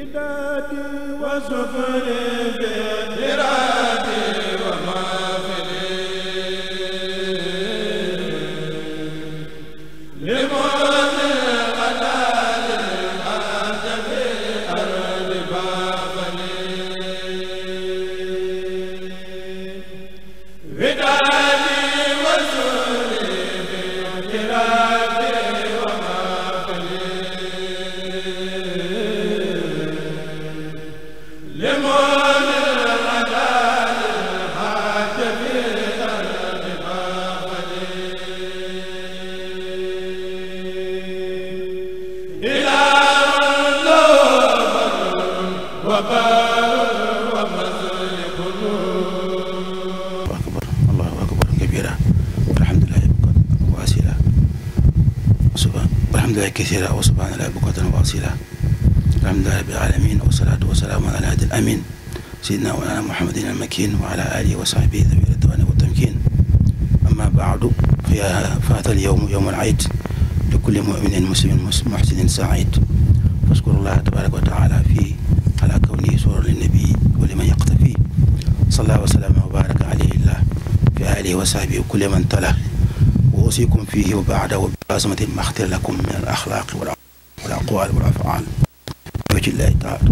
wa كثيرا وسبحان الله بكرة وأصيلا الحمد لله رب العالمين والصلاة والسلام على الهادي الأمين سيدنا مولانا محمد المكين وعلى آله وصحبه ذوي الرضوان والتمكين أما بعد فيا فات اليوم يوم العيد لكل مؤمن مسلم محسن سعيد فاشكر الله تبارك وتعالى فيه على كونه سورة للنبي ولمن يقتفي صلى الله وسلم وبارك عليه الله في آله وصحبه وكل من تله wa usikum fihi wa baada wa biasmatin maxtir lakum min al axlaaqi wal aqwaal wal afaal wajillaahi taala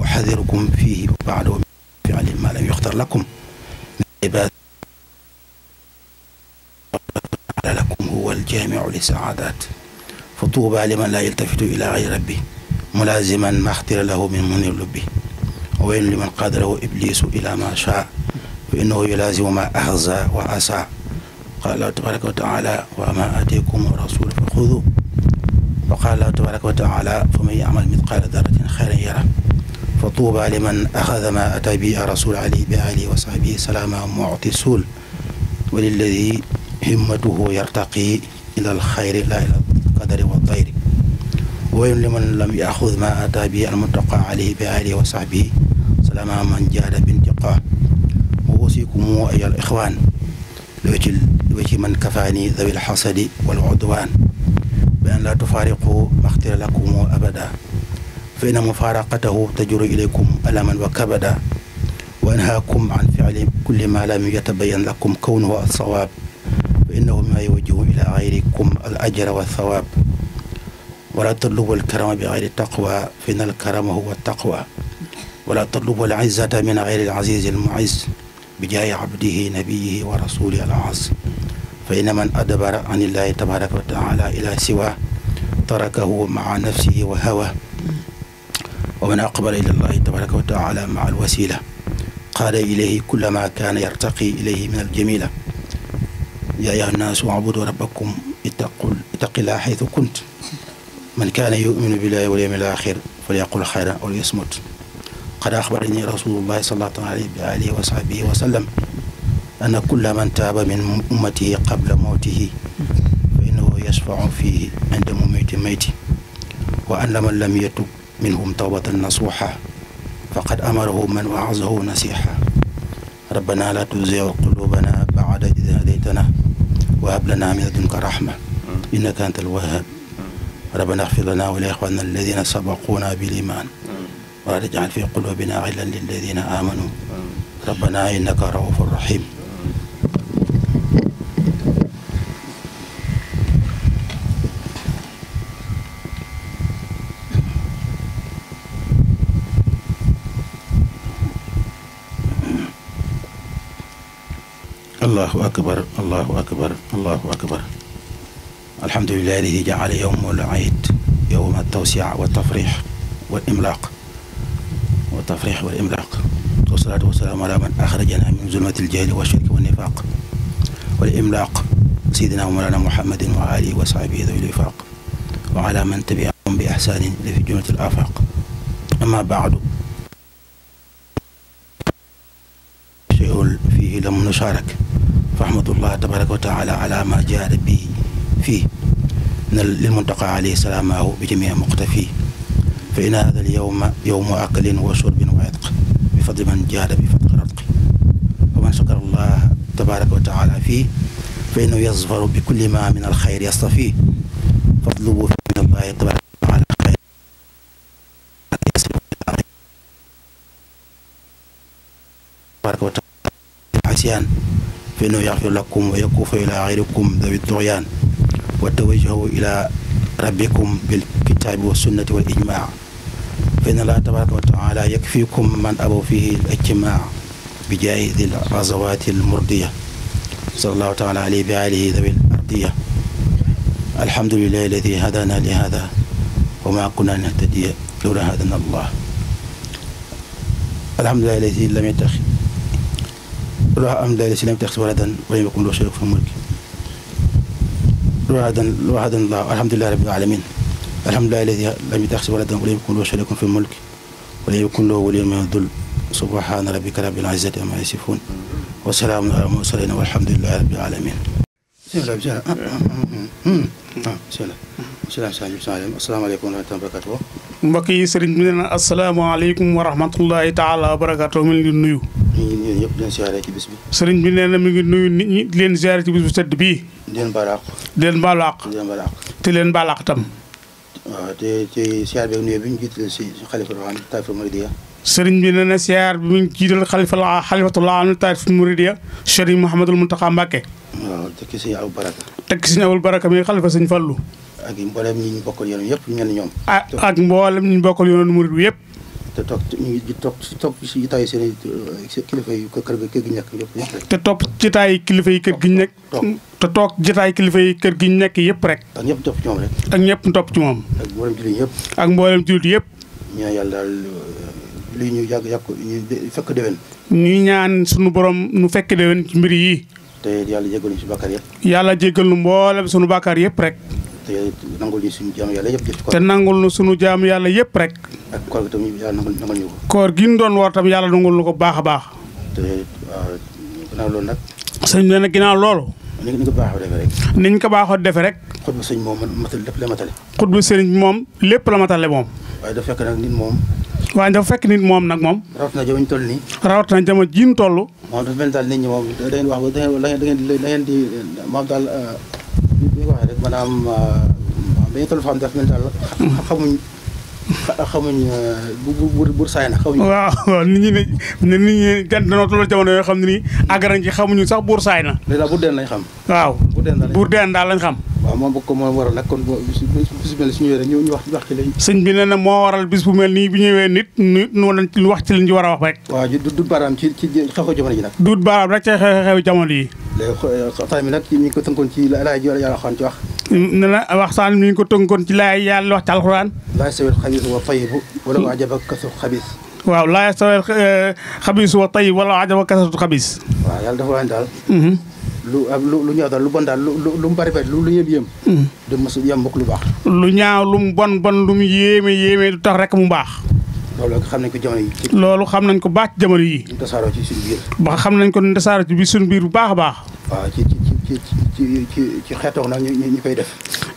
wa xadirukum fihi wa baada wa fiali ma lam yuxtar lakum lakum huwa aljaamiu li saadaat fa tuuba liman laa yaltafitu ila gayri rabbi mulaaziman maxtira lahu min munir lubbi waylun liman qaadarahu iblisu ila ma shaa fa innahu yulaazimu ma ahza wa asa qaala tabaraka wa taala wa ma aatikum rasul fa xudu wa qaala tabaraka wa taala fa man yaamal mitqaala daratin xayran yara fa tuuba liman axada ma ata bi rasul ali bi alihi wa sahbihi salaama muti suul wa lilladi himmatuhu yartaqi ila alxayri la ila alqadari wa dayri waylun liman lam yaxud ma ata bi almutaqa alayhi bi alihi wa sahbihi salaama man jaada bintiqaa wa usikum ayyuha al ixwaan wa ci man kafaani dawil xasadi wal udwaan bi an laa tufaariqu maxtira lakumu abada fa inna mufaaraqatahu tajuru ilaykum alaman wa kabada wa anhaakum an fiili kulli ma lam yatabayan lakum kawnuhu alsawaab fa innahu mima yuwajjihu ila gayrikum al ajra wa thawaab wala tatlubu alkarama bi gayri taqwa fa inna alkarama huwa taqwa wala tatlubu al izzata min gayri al azizi al muizz bi jaahi abdihi nabiyihi wa rasulihi al aziz fa inna man adbara an illaahi tabaraka wa taala ila siwa tarakahu maa nafsihi wa hawa wa man aqbala ila llaahi tabaraka wa taala maa alwasila qaada ilayhi kullama kaana yartaqi ilayhi min aljamila yaa ayyuha nnaasu abudu rabbakum ittaqu ittaqillaa xaytu kunt man kaana yuminu billaahi wal yawmil aaxir falyaqul xayran aw liyasmut qad axbarani rasulullahi sallallahu alayhi wa alihi wa sahbihi wa sallam ana kulla man taaba min ummatihi qabla mawtihi fa innahu yashfau fihi inda mumiti mayti wa anna man lam yatub minhum tawbatan nasuha faqad amarahu man waazahu nasiha rabbana la tuzigh qulubana ba'da idh hadaytana wa hab lana min ladunka rahma innaka antal wahhab rabbana ighfir lana wa li ikhwanina alladhina sabaquna bil iman wa la taj'al fi qulubina ghillan lil ladhina amanu rabbana innaka ra'ufur rahim allahu akbar allahu akbar allahu akbar alhamdulilahi alladi jaala yowmul iid yowma tawsia wa tafrix wal imlaaq wa tafrix wal imlaaq wasalaatu wasalaamu ala man axrajana min zulmati aljahli wa shirki wa nifaaq wal imlaaq sayidina mawlana muhammadin wa alihi wa sahbihi dawi lifaaq wa ala man tabiahum bi ihsanin la fi jumlati al afaaq amma baadu شيء فيه لم نشارك rahmatullah tabaraka wa taala ala ma jaada bi fii na lil muntaqa alayhi salaamaahu bi jamii muqtafi fa in hada al yowma yowmu aklin wa surbin wa itq bi fadli man jaada bi fatqi ratqi wa man shakara allah tabaraka wa taala fii fa innahu yazfaru bi kulli ma min al xayr yastafi fatlubu min allahi tabaraka wa taala fa innahu yaxfir lakum wa yakuufa ilaa xayrikum dawi turyaan wa tawajjahu ilaa rabbikum bil kitaabi wa sunnati wal ijmaa fa inna laaha tabaaraka wa taala yakfiikum man abaw fiihi al ijmaa bi jaahi dil razawaati al murdiya sallallahu taala alayhi bi aalihi dawi al ardiya alhamdulilahi alladi hadaana li haadaa wa maa kunnaa nahtadiya lawlaa hadaana allah alhamdulilahi alladi lam yattaxid روح أمد ليس لم تخص ولدا ولم يكن له شريك في الملك وحدا وحدا الله الحمد لله رب العالمين الحمد لله الذي لم يتخذ ولدا ولم يكن له شريك في الملك ولم يكن له ولي من الذل سبحان ربك رب العزة عما يصفون وسلام على المرسلين والحمد لله رب العالمين بسم الله بسم الله sëriñ Saaliw Saaliw asalaamaaleykum wa rahmatulah barakatu mbokk yi sëriñ bi nee na asalaamaaleykum wa rahmatullahi taala wa barakatu mi ngi nuyu. mi ngi nuyu ñëpp di leen siyaare ci bis bi. sëriñ bi nee na mi ngi nuyu nit ñi di leen siyaare ci bis bu sedd bii. di leen baalaaq. di leen baalaaq. di leen baalaaq. te leen baalaaq tam. waaw te te siyaar beeg nuyu bi ñu jiital si xalifa roxaan Taiful Muridiya. sëriñ bi nee na siyaar bi mu jiital xalifa xalifatul roxaan Taiful Muridiya Sëriñ Mouhamadul Mountakha Mbacké waaw tekki sëñ Abou Baraka. tekki sëñ Abou Baraka mi xalifa sëñ Fallou. ak mboolem ñi ñu bokkal yoon yëpp ñu mel ni ñoom. ak mboolem ñi ñu bokkal yoonu murid bi yëpp. te toog ñu ngi toog ci toog ci kilifa yi kër gi nekk yëpp. te topp jitaayu kilifa yi kër gi ñu nekk. te toog jitaayu kilifa yi kër gi nekk yëpp rek. ak ñëpp topp ci moom rek. ak ñëpp topp ci moom. ak mboolem jullit yëpp. ak mboolem jullit yëpp. ñu ñaan yàlla daal uh, ñu yàgg yàgg ñu fekk déwén. ñu ñaan sunu borom nu fekk déwén ci mbir yi. te yàlla jégal ñu si bàkkaar yëpp. yàlla jégal ñu mboolem suñu bàkkaar yëpp rek. te nangul ñu suñu jaamu yàlla yëpp def te nangul suñu jaamu yàlla yëpp rek. ak koor gi tam yàlla ko. gi ñu doon woor tam yàlla nangul ñu ko baax a baax. te waaw ginnaaw loolu nag. sëñ bi nag ginnaaw loolu. ni ñu ko baaxoo defee rek. ni ñu ko baaxoo defee rek. xutbu sëriñ moom matal lépp la matale. xutbu sëriñ moom lépp la matale moom. waaye dafa fekk nag nit moom. waaye dafa fekk nit moom nag moom. rawatina jamono ji ñu toll nii. rawatina jamono ji ñu toll. moom dafa mel ni daal nit ñi moom da ngeen wax da ngeen da ngeen di maam daal bi euh, ñu rek maanaam euh, dañuy toll foo xam ne dafa mel ni daal mm. xamuñ. xamuñ bu bu saay na xamuñ. waaw waaw nit ñi ne nit ñi kenn danoo toll jamono yoo xam ne nii àgg nañ ci xamuñu sax buur saay na. léegi daal buur deen lañ xam. waaw buur deen daal lañ xam. waaw moom bokk moo waral nag kon bis bis bu mel su ñëwee rek ñu wax wax ci lañ. sëñ bi nee na moo waral bis bu mel nii bu ñëwee nit ñu ñu wax ci liñ ci war a wax rek. waaw ji duut baaraam ci ci xew-xew jamono ji nag. duut baaraam rek ci xew-xew jamono yi. léegi xaw mi nag ñu ngi ko tënkoon ci laay ji yàlla wax ne na waxtaan mi ngi ko tënkoon ci laay yàlla wax ci alxuraan. laa yastawil xabiis wa tayyib walaw xabiis. waaw laa yastawil eh, xabiis wa tayyib walaw ajabaka kasratu xabiis. waaw yàlla dafa wax mm-hmm. lu lu lu ñaaw daal lu bon daal lu lu mu bari bari lu mm-hmm. lu baax. lu ñaaw lu mu bon bon lu mu yéeme yéeme du tax rek mu baax. loolu xam nañ ko jamono yi. loolu xam nañ ko baax ci jamono biir. ba xam nañ baax a baax. ci ci ci ci xeetoo nag ñu ñu koy def.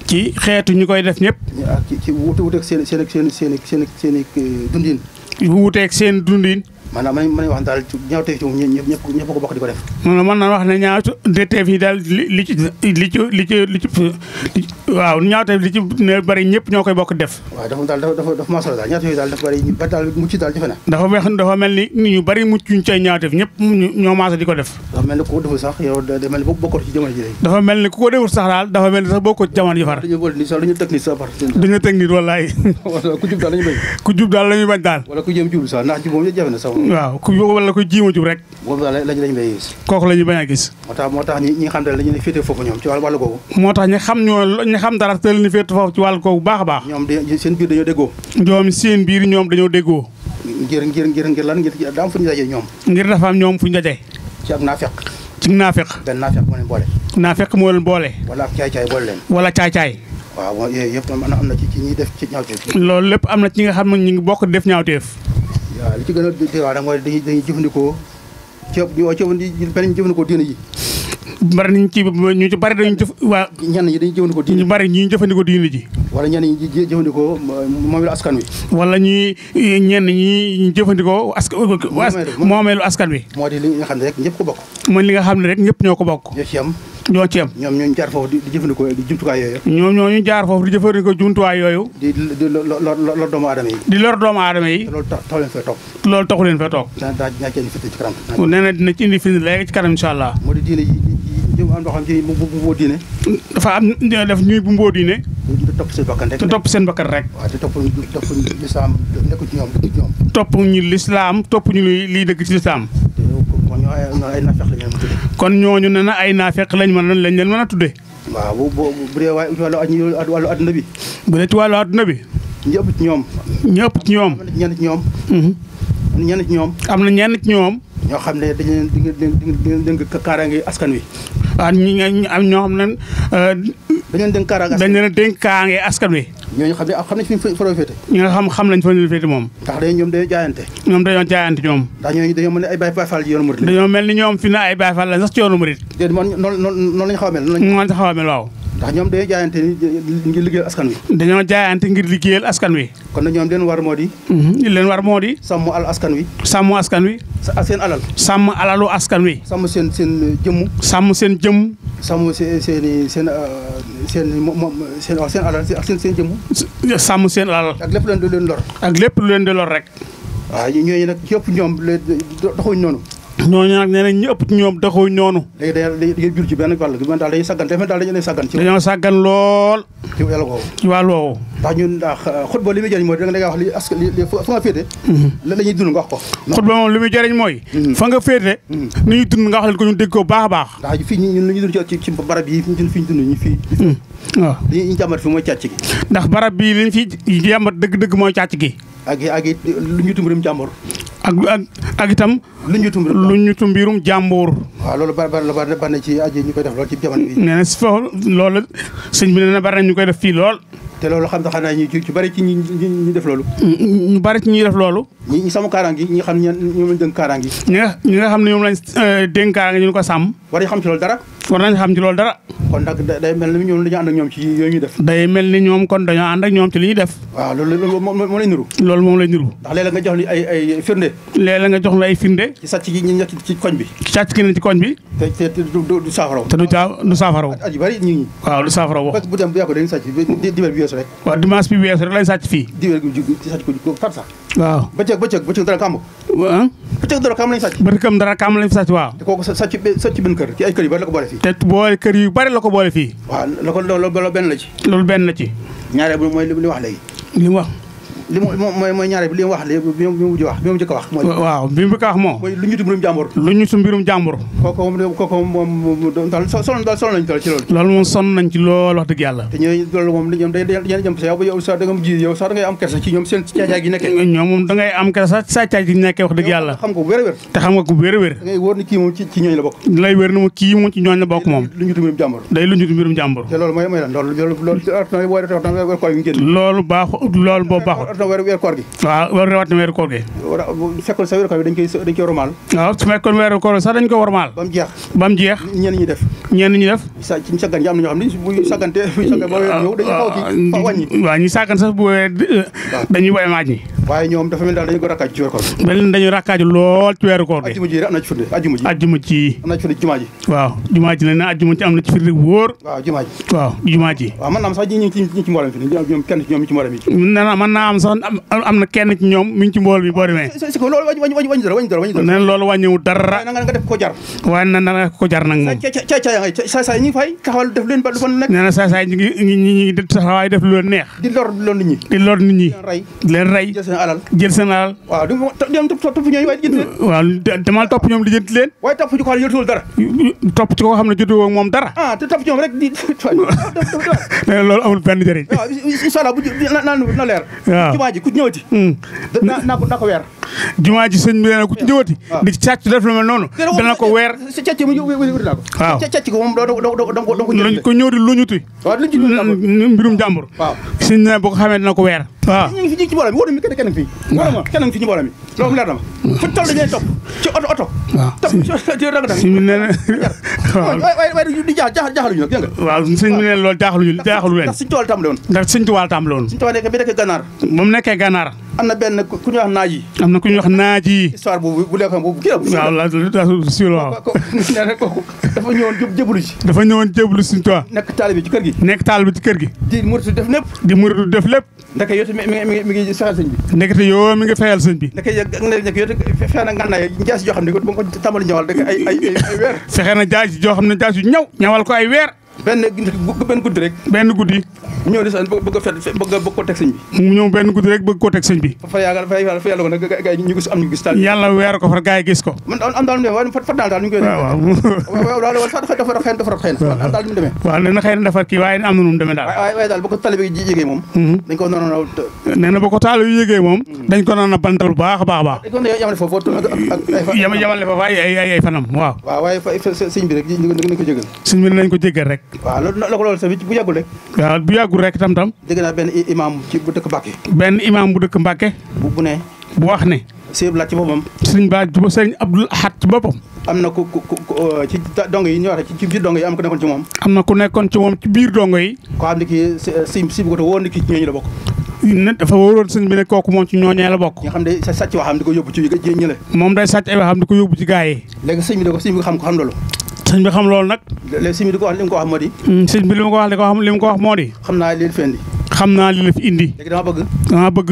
ci xeetu ñu koy def ñëpp. ak ci wuute wuuteeg seen seen seen seen seen seen dundin. wuuteeg seen dundin. maanaam man man wax daal ñaawteef ci moom ñëpp ñëpp ñëpp ko bokk di ñëpp ñoo koy bokk def. waaw dafa daal dafa dafa masala daal ñaawteef yi daal dafa ba daal mucc daal jafe na. dafa wax dafa mel ni ñu bari mucc ñu cay ñaawteef ñëpp ñoo maasa di ko def. dafa mel ni ku ko deful sax da mel mel ni ku ko deful sax daal dafa mel ni sax bokkoo ci jamono ji far. dañu wol ni sax dañu teg ni sax ku jub daal la bañ. daal na sax waaw ku wala ko jiima jub rek. boobu daal lañ lañ lay kooku la ñu gis. moo tax moo tax ñi ñi xam daal dañu ne féete foofu ñoom ci wàllu googu. moo tax ñi xam ñoo ñi xam dara te leen féete foofu ci wàllu googu baax a baax. ñoom de seen biir dañoo déggoo. ñoom seen biir ñoom dañoo déggoo. ngir ngir ngir ngir lan ngir daam fu ñu dajee ñoom. ngir dafa am ñoom fu ñu dajee. ci ak naafeq. ci naafeq. benn naafeq moo leen boole. naafeq moo leen boole. wala ak caay-caay boole leen. wala caay-caay. waaw yooyu yëpp am na ci ci ñi def ci ñaawteef. loolu lépp am na ci nga xam ne ñu ngi bokk def ñaawteef waaw li ci gën a teewaat mooy dañuy dañuy jëfandikoo ceeb ñu waa ceeb ñu bari ñu jëfandikoo diine yi. bari nañ ci ñu bari dañuy jëf waa. ñenn ñi dañuy jëfandikoo diine ñu bari ñuy jëfandikoo diine ji. wala ñeen ñi jëfandikoo moomeelu askan wi. wala ñi ñenn ñi jëfandikoo askan. moomeelu askan wi. moo di li nga xam ne rek ñëpp bokk. mooy li nga xam ne rek ñëpp ñoo ko bokk. ñoo ci am. ñoo ci am ñoom ñoo jaar foofu di jëfandikoo di jumtuwaay yooyu. ñoom ñoo ñu jaar foofu di jëfandikoo jumtuwaay yooyu. di di lor doomu aadama yi. di yi. loolu taxu leen fee toog. loolu taxu leen fee toog. dina ci indi fitna ci kanam. nee na dina ci indi fitna léegi ci kanam incha allah. moo di diine yi am loo def ñuy bu mboo topp seen bakkan rek. te topp seen bakkan rek. waaw te topp ñu topp ñu lislaam nekkul ci ñoom nekkul ci ñoom. topp ñu lislaam topp ñu lii dëgg ci lislaam. kon ñooñu ne na ay naafeq lañ mën lañ leen mën a tuddee. waaw bu bu bu dee waaye wàllu adduna bi. bu dee ci wàllu adduna bi. ñi ëpp ci ñoom. ñi ëpp ci ñoom. ñenn ci ñoom. ñenn ci ñoom. am na ñenn ci ñoom. ñoo xam ne dañu leen di nga di nga kaaraange askan wi. waaw ñi nga am ñoo xam ne dañ leen dénk kaaraange dañ leen dénk kaaraange askan wi ñooñu xam ne xam nañ fi fa féete ñu nga xam xam nañ fa féete moom ndax dañ ñoom dañoo jaayante ñoom dañoo jaayante ñoom ndax ñooñu dañoo mel ni ay Baye Fall ci yoonu murid dañoo mel ni ñoom fi na ay Baye Fall la sax ci yoonu murid déedéet noonu noonu lañ xaw a mel noonu lañ xaw a mel waaw ndax ñoom dañoo jaayante ngir liggéeyal askan wi dañoo jaayante ngir liggéeyal askan wi kon na ñoom leen war moo di mhm, leen war moo di sàmm alal askan wi sàmm askan wi seen alal sàmm alalu askan wi sàmm seen seen jëmm sàmm seen jëmm sàmm seen seen seen euh, seen seen seen alal ak seen seen jëmm sàmm seen alal ak lépp lu leen di lor ak lépp lu leen di lor rek waaw ñooñu nag yëpp ñoom doxuñ noonu ñooñu nag nee ñu ëpp ñoom taxuñ noonu. léegi day day jur ci benn wàll gi man daal day saggan dafa daal dañu lay saggan. ci dañoo saggan lool. ci wàllu woowu. ci wàllu woowu. ndax ñun ndax euh, xutba muy jëriñ mooy fa nga féete. Mhm. la la ñuy dund nga wax ko. xutba moom li muy mooy. Mhm. fa nga féete. Mhm. ni dund nga wax leen ko ñu dégg ko baax a baax. ndax fii ñun li ñu dund ci ci barab yi fi ñu mooy càcc ndax barab bii li ñu fi jàmbat dëgg-dëgg mooy càcc gi ak ak lu ñu tum mbirum jàmbur. ak ak lu ñu tum mbirum lu ñu tum mbirum jàmbur. waaw loolu bari bari la bari na ci ñu koy def lool ci jamono bi. nee na si foofu loolu na bari ñu koy def fii lool. te loolu xam nga xanaa ñu ci bari ci ñi ñi def loolu. ñu bari ci ñi def loolu. ñi sàmm kaaraange gi ñi xam ne ñoom lañ dénk kaaraange gi. ñi nga ñi nga xam ne ñoom lañ euh, dénk kaaraange ñu xam ci loolu dara. war nañ xam ci loolu dara. kon nag day mel ni ñoom dañoo ànd ak ñoom ci yooyu ñuy def. day mel ni ñoom kon dañoo ànd ak ñoom ci li ñuy def. waaw loolu loolu moom lay niru. loolu moom lay niru. ndax léeg nga jox li ay firnde. ci sàcc ñu ci koñ bi. sàcc gi nekk ci koñ bi. te te du saafaraw. te du caa du saafaraw. waaw du saafaraw bu dem bu yàgg dara kàmb. waaw bëccëg dara kàmb kër ci bari la ko boole fii. te boole kër yu bari la ko boole fii. waaw la ko loolu benn la ci. loolu benn la ci. ñaareel bi mooy li mu wax léegi. li mu wax. li mu mooy mooy ñaare bi li mu wax li bi moom mooy loolu loolu da nga ji yow sax da ngay am xam nga bu wér a wér baaxut rawatina weeru koor gi waaw rawatina weeru koor gi fekkoon sa weeru koor bi dañ koy dañ koy warmaal waaw ba mu jeex ba mu jeex ñenn ñi def ñenn ñi def sa ci saggan ñi am na ñoo ñu saggan sax bu weer euh, dañuy way maaj ñi waaye ñoom dafa daal dañu ko rakkaaju ci weeru koor bi mel dañu rakkaaju lool ci weeru koor bi ajjuma ji am na ci firnde ajjuma ji ajjuma ji am na ci firnde jumaa ji waaw jumaa ji na ajjuma ci am na ci ci ñi ci mboolem fi ñoom kenn ci sax am na kenn ci ñoom mi ngi ci mbool mi boo demee. si loolu wàññi wàññi dara wàññi dara wàññi dara. nee loolu wàññiwul dara. dara. topp loolu amul benn njëriñ. waaw jumaa ji ku ci ñëwati. Hmm. naa ko naa ko weer. jumaa ji sëñ bi nee na ku ci ñëwati. di càcc def lu mel noonu. dana ko weer càcc mu luñuti. mbirum jàmbur. waaw sëñ bi xamee dana ko weer. waaw ñu ngi fi ñu ngi ci mbooloo mi wóor mi kenn kenn fi wóor ma kenn fi ñu mbooloo mi loolu leer na ma fu toll dañuy topp ci oto oto waaw topp ci rang tam suñu nee na waaw waaye waaye di jaax jaaxaluñu nag dégg nga waaw suñu nee loolu jaaxaluñu jaaxalu leen ndax suñu tool tàmbale woon ndax suñu tool tàmbale woon suñu tool nekk bi nekk gànnaar moom nekkee gànnaar am na benn ku ñuy wax naaj yi am na ku ñuy wax naaj yi histoire boobu bu lekkoon boobu kii la waaw si waaw nee na kooku dafa ñëwoon jëblu si dafa ñëwoon jëblu suñu tool nekk taalibe ci kër gi nekk taalibe ci kër gi di muritu def lépp di muritu def lépp mi mi ngi fexeel sëñ bi nekkati yoo mi ngi fexeel sëñ bi nekk fexe na ngànnaay jaas yoo xam ne ba nga ay weer fexe na jaas yoo xam ne jaas yu ñaw ñawal ko ay weer benn benn guddi rek. benn guddi. mu ñëw di sant bëgg a a bëgg ko teg sëñ bi. benn guddi rek bëgg ko teg sëñ bi. fa fa yàlla gis ko waaw waaw waaw daal kii waaye am nu mu daal. waaye waaye daal bu yëgee moom. Mhm. dañ ko noonu noonu. nee mhm. baax a baax a baax. yamale foofu ay ay fanam waaw. waaw waaye sëñ bi rek nañ ko jégal rek. waaw loolu la ko loolu tamit bu yàggul rek. bu yàggul rek tam tam. dégg naa benn imaam ci bu dëkk Mbacke. benn imaam bu dëkk bu wax ne. sëñ Abdoul ci boppam. sëñ Ba sëñ ci boppam. am na ku euh, ñu wax ci biir dong yi am na ku nekkoon ci moom. na ci biir dong yi. koo xam ne kii si euh, si bu ko wóor na kii ci ñooñu la bokk. ne dafa wóoroon sëñ bi ne kooku moom ci ñooñee la bokk. nga xam ne sàcc waxam di ko yóbbu ci ñële. moom day yóbbu ci gaa yi. léegi sëñ bi da ko sëñ bi xam ko xam loolu sëñ bi xam loolu nag. léegi sëñ bi li ko wax li ko wax moo di. Mm, bi li mu ko wax li ko wax li xam naa li leen fi indi. xam naa li leen fi indi. léegi dama bëgg. dama bëgg.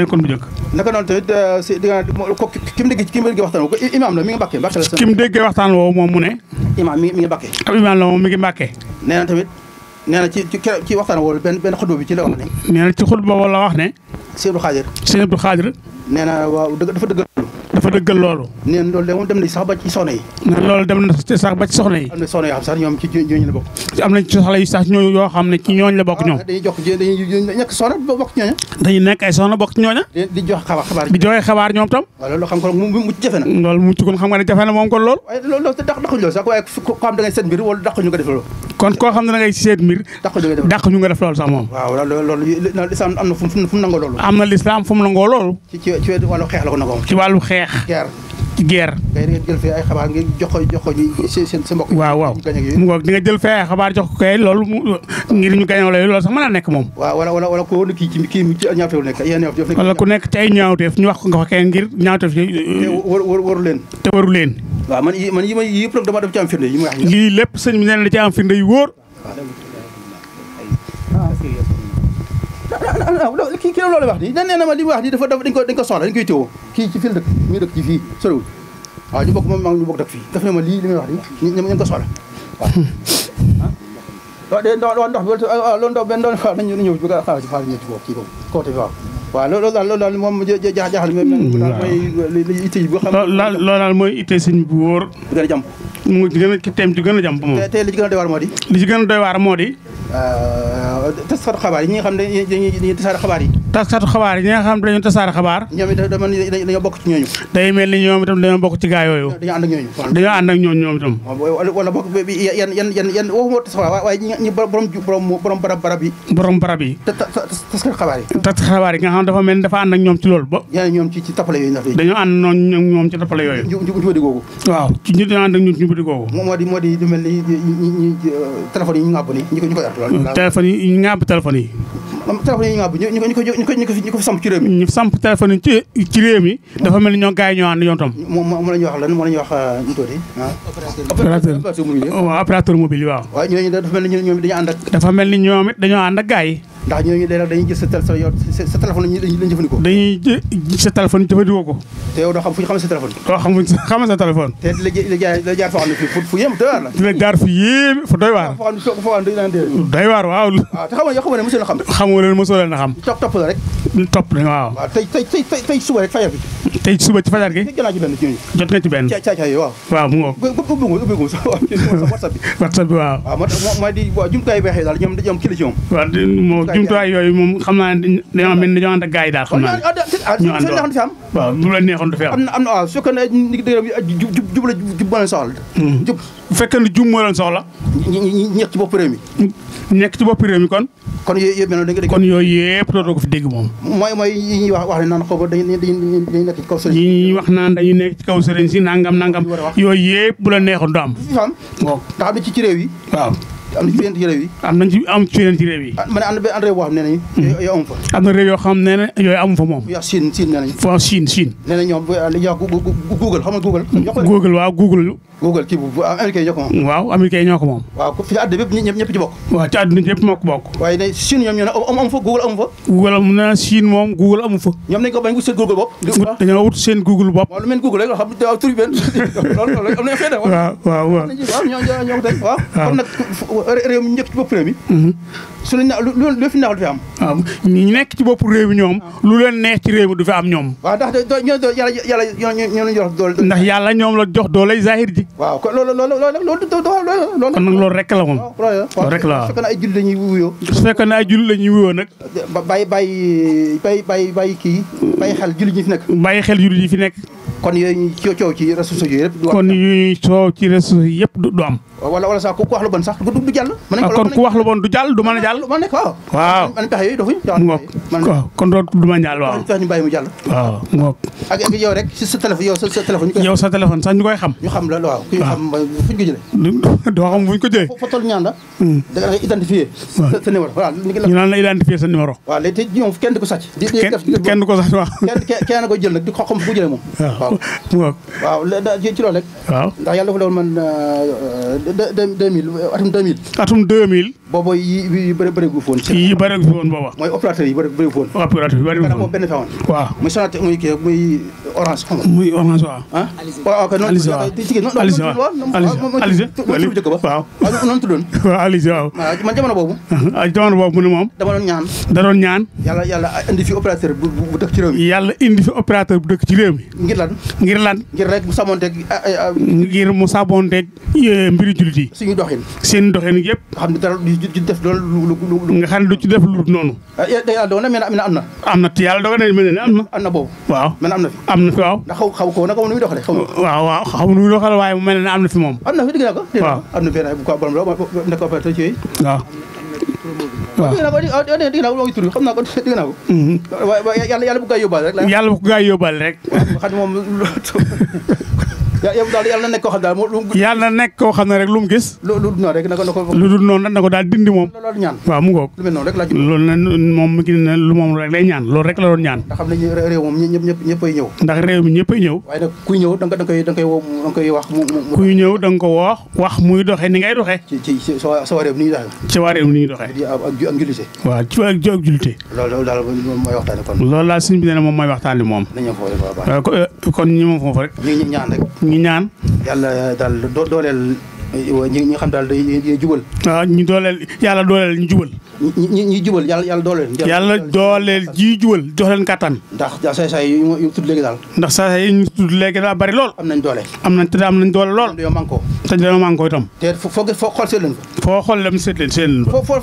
ne kon bu njëkk naka noonu tamit euh, si di nga ki mu dégg ki mu dégg waxtaan woo imaam la mi ngi Mbàkke dégg waxtaan woo moom ne imaam mi ngi Mbàkke imaam la moom mi ngi Mbàkke tamit nee ci waxtaan woo benn benn xutba bi ci la wax ne nee na ci xutba wala wax ne Sëñ Abdou Xaadir Sëñ Abdou Xaadir nee dafa dëggal loolu. dafa loolu. nee moom dem na sax ba ci soxna yi. nee loolu dem na sax ba ci soxna yi. soxna yoo soxna bokk ci ñooña. dañuy joxe xabaar ñoom tam. loolu mu mucc na. loolu mucc kon na moom kon loolu. kon koo xam ne da ngay seet mbir. dàquñu nga def loolu sax moom. am na fu mu na lislaam loolu. ci wàllu xeex la ko nangoo. ci wàllu xeex. guerre guerre. ngay ngeen jël fee jox ko jox ko ñi seen seen mbokk. waaw waaw mu ngoog di nga jël fee ay xabaar jox ko kay loolu mu ngir ñu gañoo la loolu sax mën a nekk moom. waaw wala wala wala ku kii kii ci ñaawteef nekk ay ñaawteef ku nekk ci ay ñaawteef ñu wax ko nga fa kay ngir ñaawteef. te euh, waru leen. te waru leen. waaw man yii man yii yëpp nag dama def ci lii lépp sëñ bi nee na da firnde yu wóor kii kii loolu wax di nee na ma li mu wax di dafa dañ ko dañ ko soxla dañ koy téwoo kii ci fii la dëkk ñu dëkk ci fii soriwul waaw ñu bokk moom maa ñu bokk dëkk fii daf ne ma lii li muy wax di ñu ngi ko soxla waaw de ndox loolu ndox ah, benn doon xaar nañu ñëw bëgg a xaar loolu daal mooy itte yi boo xam loolu daal bu gën a jàmp mu gën a teem ci a jàmp moom tey li gën a doy waar a doy moo di Euh, taskatu xabaar yi ñi nga xam ne dañuy tasaare xabaar yi taskatu xabaar yi ñi nga xam ne dañuy tasaare xabaar ñoom itam dañoo bokk ci ñooñu day mel ni ñoom itam dañoo bokk ci gaa yooyu dañoo ànd ak ñooñu dañoo ànd ak ñooñu ñoom itam wala bokk yan yan yan yan waxuma taskatu xabaar waaye ñi borom borom borom barab barab yi borom barab yi taskatu xabaar yi taskatu xabaar yi nga xam dafa mel ni dafa ànd ak ñoom ci loolu ba ñaan ñoom ci ci tappale yooyu ndax dañoo ànd noonu ñoom ci tappale yooyu jubadi googu waaw ci ñu dañoo ànd ak ñun ci jubadi googu moo di moo di lu mel ni téléphone yi ñu ngàbb ni ñi ko ñu koy artu téléphone yi ñu ŋàbb téléphone yi. ñu ŋàbb ñu ñu ko ñu ko ñu ko fi samp ci réew mi. ñu samp téléphone yi ci ci réew dafa mel ni ñoo gars yi ñoo ànd ñoom wax lan moom la wax euh, Ndodi. Ah. Oh, opérateur mobile waaw. waaw dafa mel ni ñoom dañoo ànd ak. dafa ndax ñooñu léeg-léeg dañuy gis sa téléphone jëfandikoo. ko. te yow doo xam fu ñu sa téléphone. doo xam te la jaar waar waaw. te xamoo leen mosoo leen a xam. topp la rek. topp la waaw. tey suba fajar gi. tey suba ci fajar jot nga ci benn. waaw. waaw jumtuwaay yooyu moom xam naa ne dañoo am dañoo ànd ak gars yi daal xam naa ne ñu ànd waaw waaw bu la neexoon du fi am am na waaw su ko ah, la hmm. jub moo leen soxla jub ci bopp réew mi kon kon yooyu yëpp da nga kon yooyu yëpp fi dégg moom mooy mooy yi ñuy wax wax ne naan xaw ma dañuy dañuy nekk ci kaw sëriñ yi ñuy wax naan dañuy nekk ci kaw si nangam nangam yooyu yëpp bu la neexoon du am xam nga ci ci réew yi waaw am na ci yeneen ci réew yi. am am ci yeneen ci yi. ah man am na benn réew boo xam ne hmm. nañu. yooyu amu fa. na réew xam ne ne yooyu amu fa moom. yaa Chine Chine nee nañu. foo Chine Chine. nee na ñoom Google xam nga Google. Google waaw Google. Google kii bu américain ñoo moom. waaw américain ñoo ko moom. waaw fi àdduna bépp ñëpp ci bokk. waaw ci àdduna ñëpp moo ko bokk. waaye ne ñoom ñoo ne am fa Google amu fa. Google am na Chine moom Google amu fa. ñoom dañu Google bopp. Ah. dañoo wut seen Google bopp. waaw lu ne tur bi waaw waaw waaw waaw. su la ñu lu lu fi neex du fi am. Ah, ñu nekk ci boppu réew ñoom. lu leen neex ci réew mi du fi am ñoom. waaw ndax ñoo doon yàlla yàlla ñoo ñu jox doole. ndax yàlla ñoom la jox doole zahir ji. waaw kon loolu loolu loolu loolu. kon nag loolu rek la moom. loolu rek la waaw su fekkee ne ay jullit dañuy wuyoo. su fekkee ne ay jullit dañuy wuyoo nag. bay bàyyi bàyyi bàyyi kii bàyyi xel jullit ñi fi nekk. bàyyi xel jullit ñi fi nekk. kon yooyu ci réseaux sociaux du kon yuy coow ci réseaux sociaux yëpp du am. wala wala sax ku wax ah, kon ku wax lu bon du jàll du mën a jàll. mën waaw. waaw man pexe yooyu dofuñ. waaw kon doo du ma jàll waaw. ñu bàyyi mu jàll. waaw ngoog. sa téléphone yow sa téléphone. yow sax ñu koy xam. ñu xam la ñu ko jëlee. doo xam fuñ la. Hmm. da nga identifié. sa numéro kenn du ko sàcc. kenn du ko sàcc waaw. waaw waaw ci loolu rek. waaw ndax yàlla dafa doon man euh, euh, deux mille atum deux mille. atum deux mille. boobu yi bëri bëri gu foon. yi bëri gu foon booba. mooy opérateur yi bëri bëri gu foon. opérateur yi bëri gu foon moom benn feewoon. waaw muy Sonatel muy kii muy orange. muy orange waaw. ah boobu. moom. dama ñaan. da doon ñaan. indi fi opérateur bu dëkk ci réew mi. ngir lan. ngir lan. ngir rek mu sàmmonteeg. ngir mu sàmmonteeg. Eh, mbiru jullit yi. suñu doxin. seen doxin yëpp. gi def doon lu lu nga xam ne du ci def lu noonu. Ah, eh, yàlla dogal na mais am na am na. am na te yàlla dogal na mel ne am na. am na boobu. waaw mel na am na fi. am na fi waaw. ndax xaw xaw ko nag xaw ma nu muy doxalee. xaw ma waaw waaw xaw ma nu muy doxalee waaye mu mel ne am na fi moom. am na fi dégg naa ko. waaw am na benn bu ko borom la nekk opérateur ci yooyu. waaw. waaw dégg naa ko dégg naa ko xam naa ko dégg naa ko. Mm-hmm. waaye yàlla yàlla bu ko gaa yóbbaale rek. yàlla bu ko gaa yóbbaale rek. xam ne moom yow daal yàlla na nekk koo xam daal moom. yàlla na ne rek lu mu gis. lu dul noonu rek na daal dindi moom. loolu ñaan waaw mu ngoog. lu mel moom mi ngi ne lu moom rek lay ñaan loolu rek la doon ñaan. ndax xam nañ réew moom ñëpp ñëpp ñëppay ñëw. ndax réew mi ñëppay ñëw. waaye nag kuy ñëw da nga koy da nga koy woo da nga wax mu mu. kuy ñëw nga ko wax ci ci ci sa sa réew mi ni ñuy doxee. ci waa réew mi ni ñuy moom mooy waxtaane kon. loolu laa suñ moom mooy waxtaane moom. kon ñi foofu rek. ñu ñaan. yàlla daal dooleel ñi nga xam daal day jubal. waaw ah, ñu dooleel yàlla dooleel ñu jubal. ñi ñi jubal yàlla yàlla dooleel. yàlla dooleel ji jubal jox leen kàttan. ndax say say yu ma tudd léegi daal. ndax say say yu ñu tudd daal bari lool. am nañ doole am nañ te am nañ doole lool. dañoo mànkoo. te dama maa ngi koy tam. te foo foo xool seet leen ko. foo xool dem seet leen seet foo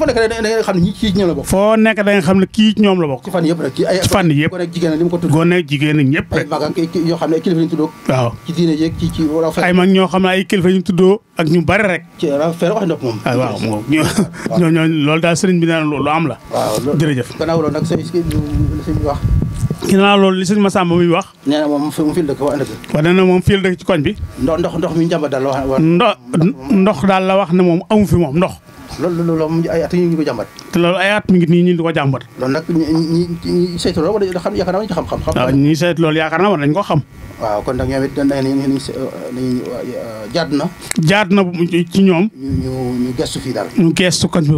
nekk da nga xam ne kii ci ñoom la bokk. foo nekk da nga jigéen ñi rek. waaw ay mag ñoo xam ne ay kilifa ñu tuddoo ak ñu bari rek. ginnaaw loolu li sëñ Massamba muy wax. nee na moom fi mu fi dëkk wa dëgg. waaw nee na moom fii dëkk ci koñ bi. ndox ndox ndox mi njàmbat daal la wax. ndox ndox daal la wax ne moom amu fi moom ndox. loolu loolu moom ay at ñu ngi mi ngi ñi saytu xam yaakaar naa war nañ ko xam xam waaw ñi saytu loolu yaakaar naa war nañ ko xam waaw kon na jaad na ci ñoom ñu ñu gestu fii daal ñu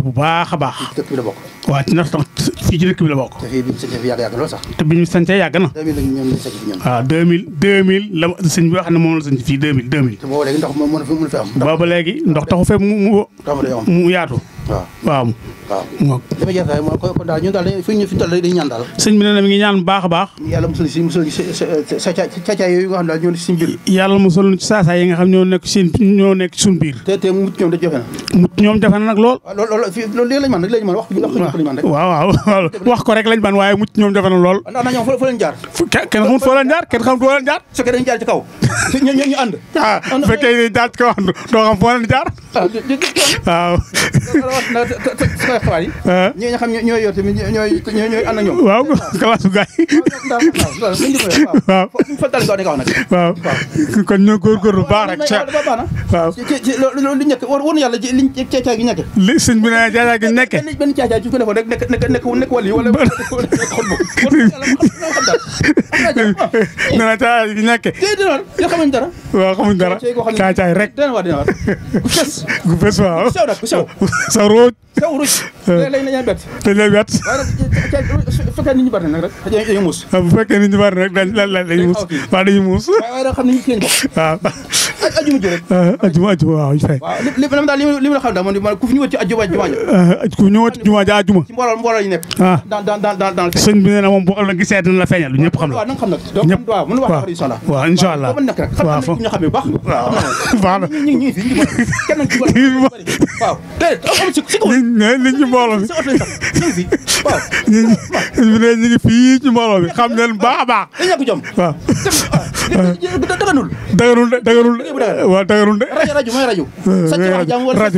bu baax a baax ci dëkk bi la bokk waaw bi la bokk te bi ñu sañcee fi na waaw 2000 mil la sëñ bi wax ne la sëñ fii 2000 2000 booba léegi ndox mënu fi am booba léegi yaatu. waaw waaw dama jafe mooy kon daal ñun daal fi ñu toll dañuy ñaan daal sëñ bi nee na mi ngi ñaan bu baax a baax yàlla musal si musal si caaca yooyu waaw wax ko rek lañ waaye mucc ñoom jafe lool ndax na ñoom jaar kenn xamul fa jaar waaw xabaar yi. ñoo xam ñooy yor tamit ñooy ñooy ànd ak ñoom. waaw xabaaru gars yi. waaw waaw kon ñoo góorgóorlu baax rek. waaw ci loolu li nekk war na yàlla ci liñ caacaa gi nekk. li sëñ bi naan caacaa gi nekk. benn caacaa ci ko defoon rek nekk nekk nekk wàll yi wala. nana caacaa gi nekk. déedéet xamuñ dara. waaw xamuñ dara caacaay rek. sa saw ruj. léeg-léeg dañuy bett. dañ lay bett. bu fekkee nit ñi bari rek. dañuy muus. bu fekkee nit ñi rek. daal li ma xam daal ja. ku fi ñëwaat ci juma ja ajuma. ci mbooloo mbooloo yi nekk. ah na moom boo xam ne gisee dina la la. na nga xam nag. ñëpp waaw mën wax ne nit ñi mbooloo bi ñu ne ñu ngi fii ci mbooloo bi xam leen baax a baax. waaw. daganul. daganul de daganul de waaw daganul de. rajo rajo mooy rajo.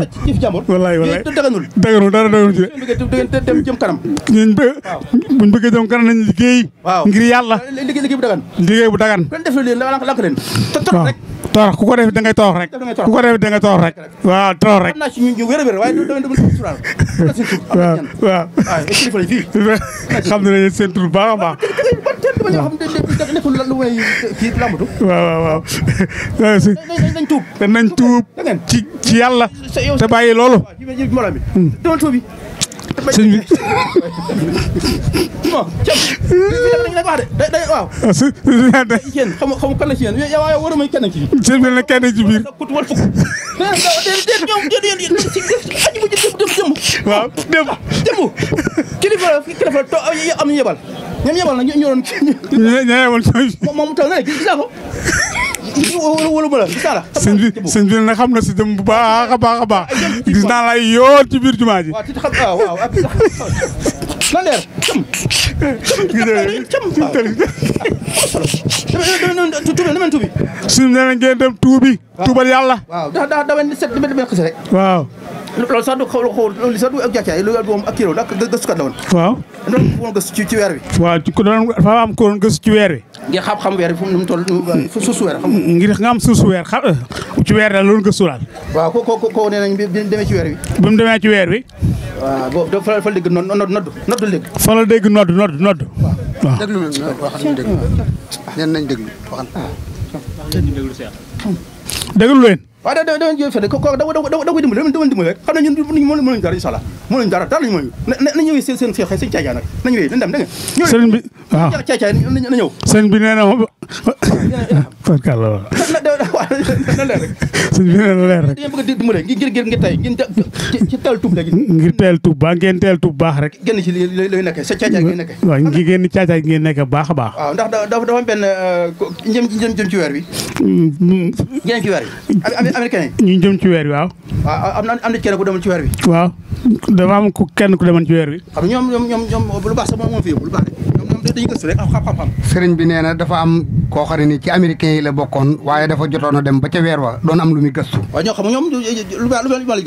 Eh, rajo wallaay wallaay daganul dara daganul ci de. dem jëm kanam. ñun buñ bëggee jëm kanam nañ liggéey. ngir yàlla. liggéey bu dagan. liggéey bu dagan. kon def leen lakk leen. waaw. torox ku ko def da ngay torox rek. ku ko def da ngay torox rek. waaw torox rek. waaw waaw. xam nañ ne seen tur baax a baax. waaw waaw. nañ tuub ci ci yàlla sëñ bi. bon ceeb bi dañ wax de day waaw. yéen xam xam ci yéen yow war a may kenn ci biir. sëñ bi nag kenn ci biir. wala fukk. déedéet ñoom déedéet yéen ci aji bu jëm jëm. waaw dem dem. kilifa kilifa to am yebal ñoom yebal na ñu ñu ñu ñu yebal moom mu taw na gis nga ko. wala wala wala saa la. sëñ bi xam na si dem bu baax a baax a baax gis naa la yoon ci biir jumaa ji. waaw ci xam waaw waaw. na leer cam. cam cam cam loolu sax du xaw loolu sax du ak jàccaay loolu moom ak kii la woon ak gëstukat la woon. waaw. loolu ci weer wi. waaw ngir xam-xam weer bi fu mu toll suuf su weer xam ngir nga am su weer xam eh, ci weer daal loolu gëstu daal. waaw ko ko ko nee nañ bi mu demee ci weer wi. bi mu demee ci weer wi. waaw boobu fa fa dégg nodd nodd nodd dégg. fa la dégg nodd nodd nodd. waaw déglu nañ wax nañ déglu. nee nañ waa da da da ngeen fekk kooku da da koy dimbali da dimbali rek xam ne ñun mënuñu dara incha allah mënuñu dara dara lañu na ñëwee seen seen fexe seen caay nag nañu wéy nañu dem dégg nga. sëriñ bi waaw caay caay na ñëw. sëriñ bi nee na moom. rek. sëriñ bi ci teel tuub léegi. ngir teel tuub baax ngeen teel tuub baax rek. génn ci li lay nekkee sa caay caay ngeen a baax. waaw ndax dafa benn jëm jëm ci weer wi jëm ci weer bi américain yi. ñu jëm ci weer bi waaw. waaw am na am na kenn ku demoon ci weer bi. waaw dafa ku kenn ku demoon ci weer bi. ñoom ñoom ñoom lu baax sax moom moo fi yóbbu lu baax dañuy gëstu rek xam-xam. sëriñ bi nee na dafa am koo xam ne ni ci américains yi la bokkoon waaye dafa jotoon a dem ba ca weer wa doon am lu muy gëstu. waaw ñoom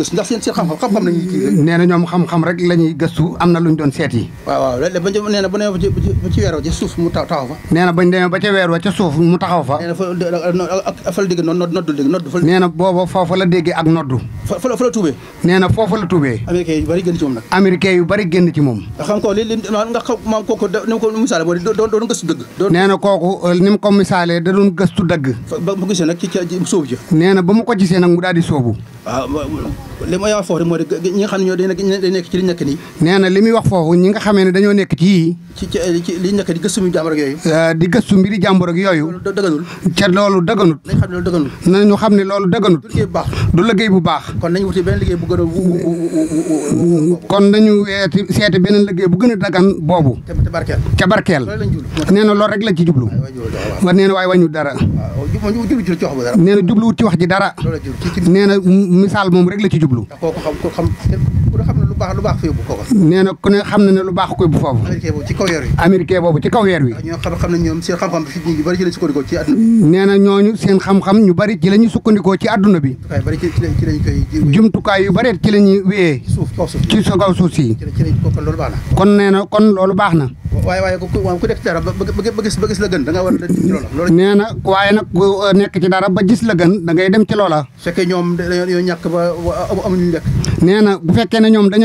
xam-xam xam lañuy gëstu am na lu doon seeti. waaw waaw léeg-léeg bañ na ba nee ba ci weer wa dégg ak noddu. fa la tuubee. nee na la tuubee. américains yu bari génn ci moom nag. américains yu bari nga xam ko li li nga xam moom misaale boo doon doon gëstu dëgg. nee na kooku euh, ni mu ko misaalee da doon gëstu dëgg. ba mu gisee nag ci na ba mu ko gisee nag mu daal di sóobu. Ah, waaw li ma wax foofu rek moo di ñi nga xam ne ñoo day nekk ci li nekk nii. nee na li muy wax foofu ñi nga xamee ne dañoo nekk ci yii. ci ci eh, li nekk di gëstu mbiri jàmbur ak yooyu. Euh, di gëstu mbiri jàmbur ak yooyu. dëgganul ca loolu dëgganut. nañu xam ne loolu dëgganut. du liggéey bu baax. kon nañu wuti benn liggéey bu gën a. kon nañu seeti beneen liggéey bu gën a dagan boobu. ca barkeel barkeel nee na loolu rek la ci jublu wa nee na waaye wañu dara nee na jubluwut ci wax ji dara nee na misaal moom rek la ci jublu lu baax lu baax fi ne na lu baax ko yóbbu foofu américain kon loolu baax na nekk ci dara ba gis la gën da nga war a dem ci loola nee na bu fekkee ne ñoom dañoo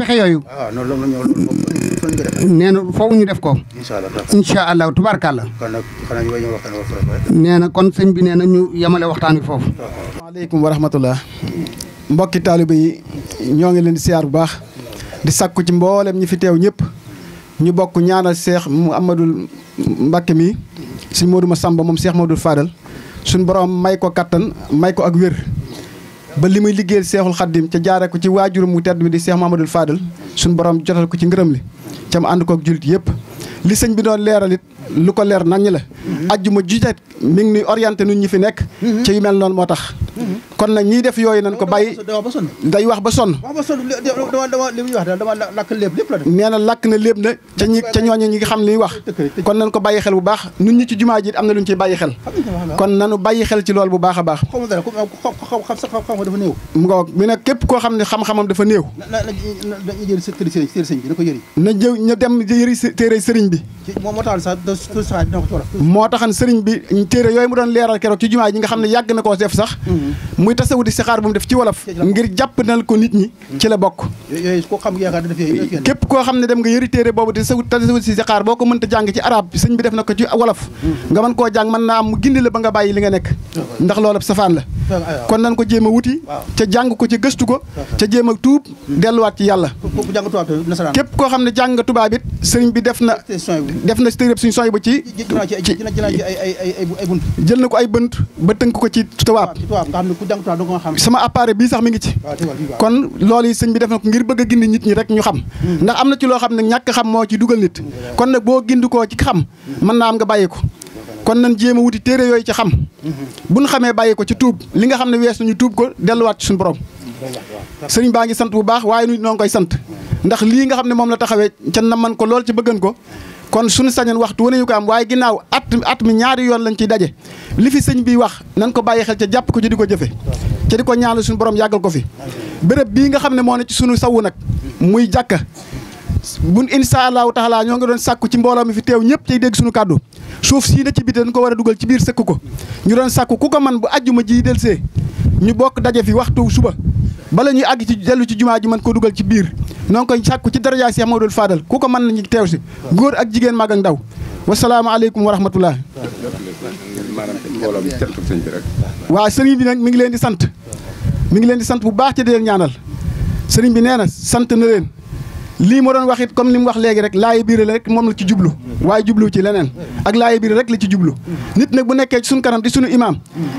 pexe yooyu. waaw ah, noonu la ñu nee na foofu ñu def ko. incha allah tubaarkàlla. nee na kon sëñ bi nee na ñu yemale waxtaan wi foofu. waaleykum wa rahmatullah mbokki taalibe yi ñoo ngi leen di siyaar bu baax. di sakku ci mbooleem ñi fi teew ñëpp. ñu bokk ñaanal seex mu amadul Mbàkke mi. suñ Modou Massamba moom seex Modou Fadal. suñ boroom may ko kattan may ko ak wér. ba li muy liggéeyal seexul xaddim ca jaare ko ci waajuram mu tedd mi di seex Mamadou Fadal suñ borom jotal ko ci ngërëm li ca mu ànd kook jullit yëpp li sëñ bi doon leeral it lu ko leer nañ la ajjuma jutet mi ngi nuy orienté nun ñi fi nekk mm-hmm. ca yu mel noonu moo tax mm-hmm. kon nag ñiy def yooyu nañ ko bàyyi day wax ba sonn nee na lakk na lépp na ca ñi ca ñooñu ñi nga xam liy wax kon nañ ko bàyyi xel bu baax ñun ñi ci jumaa ji am na lu ñu ciy bàyyi xel kon nanu bàyyi xel ci loolu bu a baax mu nga mi képp koo xam ne xam-xamam dafa néew na jëw ña dem yëri téere sëriñ bi moo taxan sëriñ bi yooyu mu doon leeral keroog ci jumaa ji nga xam ne yàgg na koo def sax mm-hmm. muy tasawu di sixaar bu mu def ci wolof ngir jàpp jàppandal ko nit ñi ci la bokk képp koo xam ne dem nga yëri téere boobu di tasawu si sixaar boo ko mënta jàng ci arab sëñ bi def na ko ci wolof mm. nga mën koo jàng mën naa am gindi la ba nga bàyyi li nga nekk ah, ndax loolu safaan la kon nan ko jéem a wuti ca jàng ko ci gëstu ko ca jéem a tuub delluwaat ci yàlla képp koo xam ne jàng nga tubaab sëriñ bi def na def na tërëb suñ soñ ba ci ci jël na ko ay bënt ba tënk ko ci tubaab sama appareil bii sax mi ngi ci kon lool yi sëñ bi def na ko ngir bëgg a gindi nit ñi rek ñu xam hmm. ndax am na ci loo xam ne ñàkk xam moo ci dugal nit hmm. kon nag boo gindi koo ci xam hmm. mën naa am nga bàyyi ko kon nañ jéem a wuti téere yooyu ci xam mm-hmm. buñ xamee bàyyi ko ci tuub li nga xam ne wees nañu tuub ko delluwaat ci suñu borom sëriñ baa ngi sant bu baax waaye nu noo ngi koy sant ndax lii nga xam ne moom la taxawee ca na man ko lool ci bëggan ko kon suñu sañoon waxtu wane ñu ko am waaye ginnaaw at at mi ñaari yoon lañ ciy daje li fi sëñ bi wax nañ ko bàyyi xel ca jàpp ko ci di ko jëfe ca di ko ñaanal suñu borom yàggal ko fi béréb bii nga xam ne moo ne ci suñu sawu nag muy jàkka bun incha allahu taala ñoo ngi doon sàkku ci mbooloo mi fi teew ñëpp cay dégg suñu kàddu suuf sii na ci biti dañ ko war a dugal ci biir sëkk ko ñu doon sàkku ku ko man bu àjjuma ji delsee ñu bokk daje fi waxtu suba bala ñuy àgg ci dellu ci jumaa ji man koo dugal ci biir noo ngi koy sàkku ci darajaay Seex Maodo Fadal ku ko mën nañu teew si góor ak jigéen mag ak ndaw wasalaamaaleykum wa rahmatullah waaw sëriñ bi nag mi ngi leen di sant mu ngi leen di sant bu baax ci di ñaanal sëriñ bi nee na sant na leen lii ma doon wax comme li mu wax léegi rek laayi biir rek moom la ci jublu waaye jublu ci leneen ak laayi biir rek la ci jublu nit nag bu nekkee ci suñu kanam di suñu imaam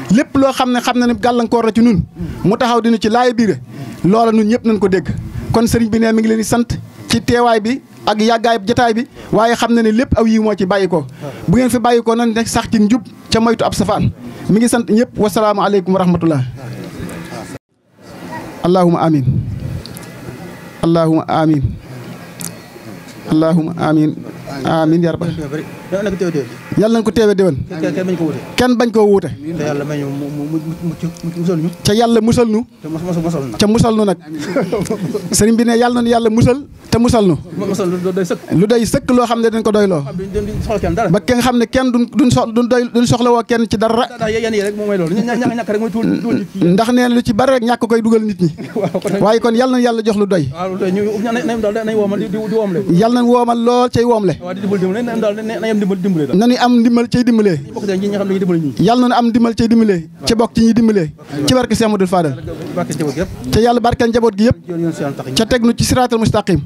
lépp loo xam ne xam na ne gàllankoor la ci nun mu taxaw dinu ci laayi biir loola nun ñëpp nañ ko dégg kon sëriñ bi ne mi ngi leen di sant ci teewaay bi ak yàggaay jataay bi waaye xam na ne lépp aw yi moo ci bàyyi bu ngeen fi bàyyi ko nan sax ci njub ca moytu ab safaan mi ngi sant ñëpp wasalaamu aleykum wa rahmatullah allahuma allahuma amin amiin yaa rabbal yàlla na ko teewee déwén. kenn bañ koo wuute. te yàlla may ñu musal ñu. ca yàlla musal ñu. ca musal ñu nag. sëriñ bi ne yàlla na nu yàlla musal te musal ñu. lu doy sëkk loo xam ne dañ ko doy loo. ba ki xam ne kenn duñ duñ sox duñ doy duñ soxla woo kenn ci dara. ndax nee lu ci bari rek ñàkk koy dugal nit ñi. waaye kon yàlla na yàlla jox lu doy. yàlla na woomal lool cay woomle waaw di dimbali dimbali daal na am dimbali dimbali daal. na ñu am ndimbal cay dimbalee. yàlla na ñu am ndimbal cay dimbalee. ci bokk ci ñuy dimbalee. ci barke Cheikh Amadou Fadal. yàlla barkeel njaboot gi yëpp. ca teg ci siraatal mustaqim.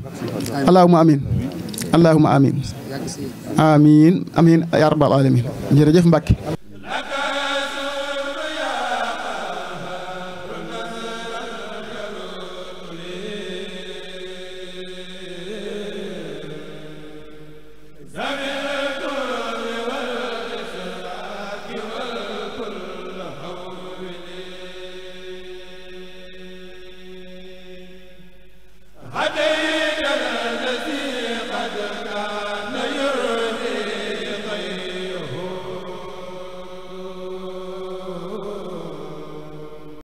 allahumma amin allahumma amin amin ya rabbal alamin jërëjëf Mbacke.